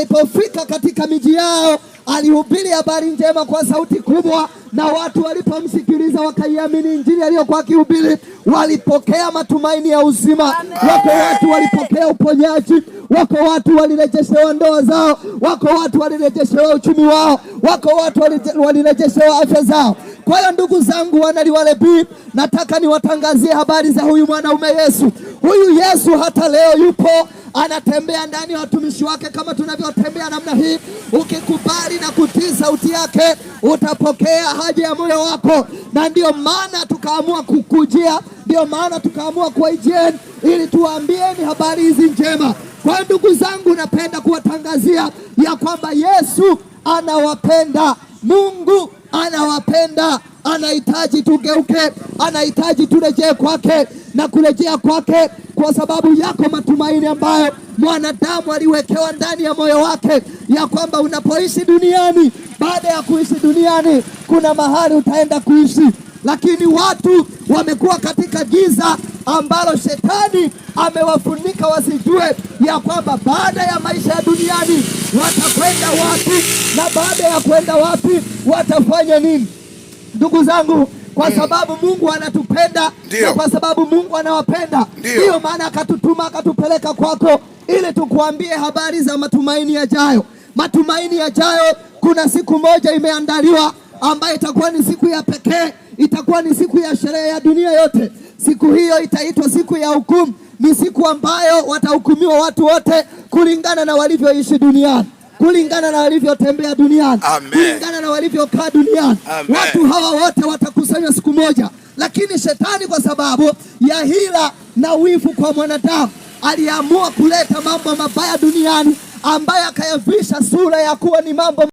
alipofika katika miji yao alihubiri habari njema kwa sauti kubwa, na watu walipomsikiliza wakaiamini injili aliyokuwa akihubiri, walipokea matumaini ya uzima. Wako watu walipokea uponyaji, wako watu walirejeshewa ndoa zao, wako watu walirejeshewa uchumi wao, wako watu walirejeshewa afya zao. Kwa hiyo ndugu zangu, wana Liwale B, nataka niwatangazie habari za huyu mwanaume Yesu. Huyu Yesu hata leo yupo anatembea ndani ya watumishi wake kama tunavyotembea namna hii. Ukikubali na kutii sauti yake, utapokea haja ya moyo wako, na ndiyo maana tukaamua kukujia, ndiyo maana tukaamua kuwajieni ili tuwaambieni habari hizi njema. Kwa ndugu zangu, napenda kuwatangazia ya kwamba Yesu anawapenda, Mungu anawapenda anahitaji tugeuke, anahitaji turejee kwake na kurejea kwake kwa sababu yako matumaini ambayo mwanadamu aliwekewa ndani ya moyo wake, ya kwamba unapoishi duniani, baada ya kuishi duniani kuna mahali utaenda kuishi. Lakini watu wamekuwa katika giza ambalo shetani amewafunika wasijue ya kwamba baada ya maisha ya duniani watakwenda wapi, na baada ya kwenda wapi watafanya nini ndugu zangu, kwa mm. sababu Mungu anatupenda na kwa sababu Mungu anawapenda, hiyo maana akatutuma akatupeleka kwako, ili tukuambie habari za matumaini yajayo. Matumaini yajayo, kuna siku moja imeandaliwa ambayo itakuwa ni siku ya pekee, itakuwa ni siku ya sherehe ya dunia yote. Siku hiyo itaitwa siku ya hukumu. Ni siku ambayo watahukumiwa watu wote kulingana na walivyoishi duniani kulingana na walivyotembea duniani, kulingana na walivyokaa duniani. Watu hawa wote watakusanywa siku moja, lakini shetani kwa sababu ya hila na wivu kwa mwanadamu aliamua kuleta mambo mabaya duniani ambayo akayavisha sura ya kuwa ni mambo